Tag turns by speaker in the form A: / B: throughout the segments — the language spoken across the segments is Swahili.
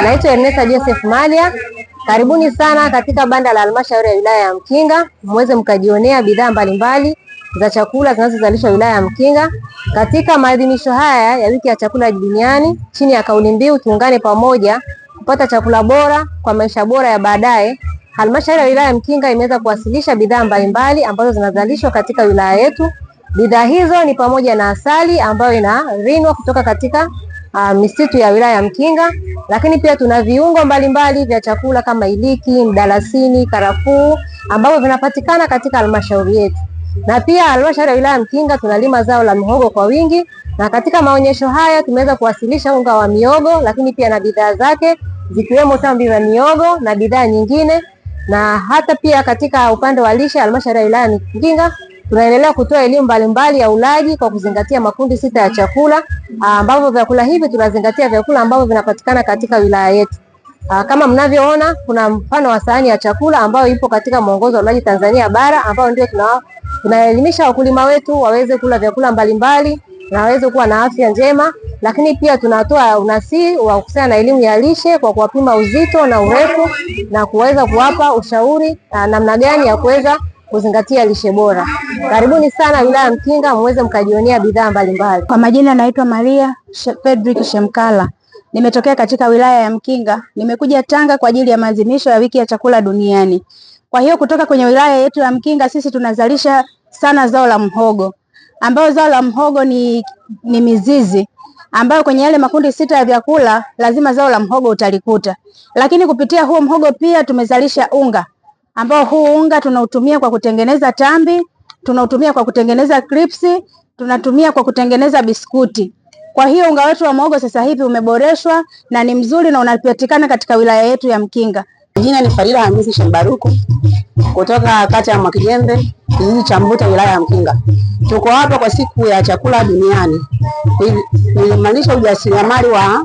A: Naitwa Ernesta Joseph Malia. Karibuni sana katika banda la halmashauri ya wilaya ya Mkinga muweze mkajionea bidhaa mbalimbali za chakula zinazozalishwa wilaya ya Mkinga katika maadhimisho haya ya wiki ya chakula duniani chini ya kauli mbiu tuungane pamoja kupata chakula bora kwa maisha bora ya baadaye. Halmashauri ya wilaya ya Mkinga imeweza kuwasilisha bidhaa mbalimbali ambazo zinazalishwa katika wilaya yetu. Bidhaa hizo ni pamoja na asali ambayo inarinwa kutoka katika uh, misitu ya wilaya ya Mkinga, lakini pia tuna viungo mbalimbali vya chakula kama iliki, mdalasini, karafuu ambavyo vinapatikana katika halmashauri yetu, na pia halmashauri ya wilaya ya Mkinga tunalima zao la mihogo kwa wingi, na katika maonyesho haya tumeweza kuwasilisha unga wa miogo, lakini pia na bidhaa zake zikiwemo tambi za miogo na bidhaa nyingine na hata pia katika upande wa lishe halmashauri ya wilaya ya Mkinga Tunaendelea kutoa elimu mbalimbali ya ulaji kwa kuzingatia makundi sita ya chakula ah, ambavyo vyakula hivi tunazingatia vyakula ambavyo vinapatikana katika wilaya yetu. Ah, kama mnavyoona kuna mfano wa sahani ya chakula ambayo ipo katika mwongozo wa ulaji Tanzania bara ambao ndio tunaelimisha wakulima wetu waweze kula vyakula mbalimbali na waweze kuwa na afya njema, lakini pia tunatoa unasii wa kuhusiana na elimu ya lishe kwa kuwapima uzito na urefu na kuweza kuwapa ushauri ah, namna gani ya kuweza kuzingatia lishe bora. Karibuni sana wilaya Mkinga muweze mkajionea bidhaa mbalimbali.
B: Kwa majina naitwa Maria Fredrick Shemkala, nimetokea katika wilaya ya Mkinga, nimekuja Tanga kwa ajili ya maadhimisho ya wiki ya chakula duniani. Kwa hiyo kutoka kwenye wilaya yetu ya Mkinga sisi tunazalisha sana zao la mhogo, ambayo zao la mhogo ni, ni mizizi ambayo kwenye yale makundi sita ya vyakula lazima zao la mhogo utalikuta, lakini kupitia huo mhogo pia tumezalisha unga ambao huu unga tunautumia kwa kutengeneza tambi, tunautumia kwa kutengeneza kripsi, tunatumia kwa kutengeneza biskuti. Kwa hiyo unga wetu wa mwogo sasa hivi umeboreshwa na ni mzuri na unapatikana katika wilaya yetu ya Mkinga.
C: Jina ni Farida Hamisi Shembaruku kutoka kata ya Mwakijembe, kijiji cha Mbuta, wilaya ya Mkinga. Tuko hapa kwa siku ya chakula duniani kuimarisha ujasiriamali wa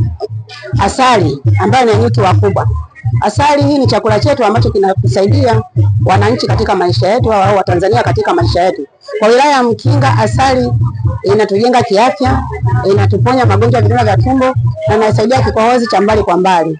C: asali ambayo ni nyuki wakubwa Asali hii ni chakula chetu ambacho kinatusaidia wananchi katika maisha yetu au Watanzania katika maisha yetu. Kwa wilaya ya Mkinga, asali inatujenga kiafya, inatuponya magonjwa ya vidonda vya tumbo na inasaidia kikohozi cha mbali kwa mbali.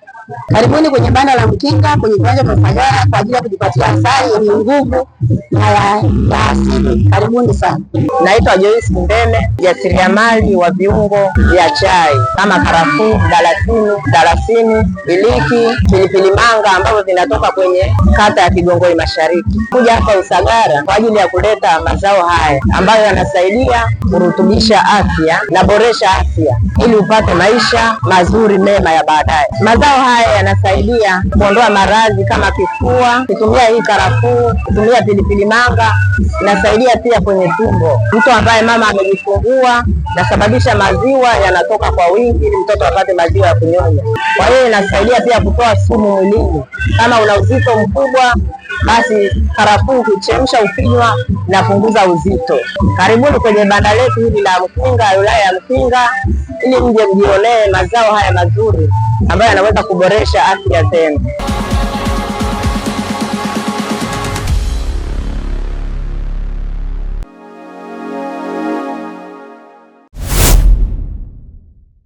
C: Karibuni kwenye banda la Mkinga kwenye viwanja vya Usagara kwa ajili ya kujipatia asali yenye nguvu na ya asili. Karibuni sana.
D: Naitwa Joyce Mbene, jasiriamali wa viungo vya chai kama karafuu, dalasini, dalasini, iliki, pilipili manga ambavyo vinatoka kwenye kata ya Kigongoi Mashariki. Kuja hapa Usagara kwa ajili ya kuleta mazao haya ambayo yanasaidia kurutubisha afya na boresha afya ili upate maisha mazuri mema ya baadaye. Mazao haya haya yanasaidia kuondoa maradhi kama kifua. Kutumia hii karafuu, kutumia pilipili manga inasaidia pia kwenye tumbo. Mtu ambaye mama amejifungua, nasababisha maziwa yanatoka kwa wingi, ili mtoto apate maziwa ya kunyonya. Kwa hiyo inasaidia pia kutoa sumu mwilini. Kama una uzito mkubwa basi karafuu huchemsha ufinywa na punguza uzito. Karibuni kwenye banda letu hili la Mkinga, wilaya ya Mkinga, ili mje mjionee mazao haya mazuri ambayo yanaweza kuboresha afya zenu.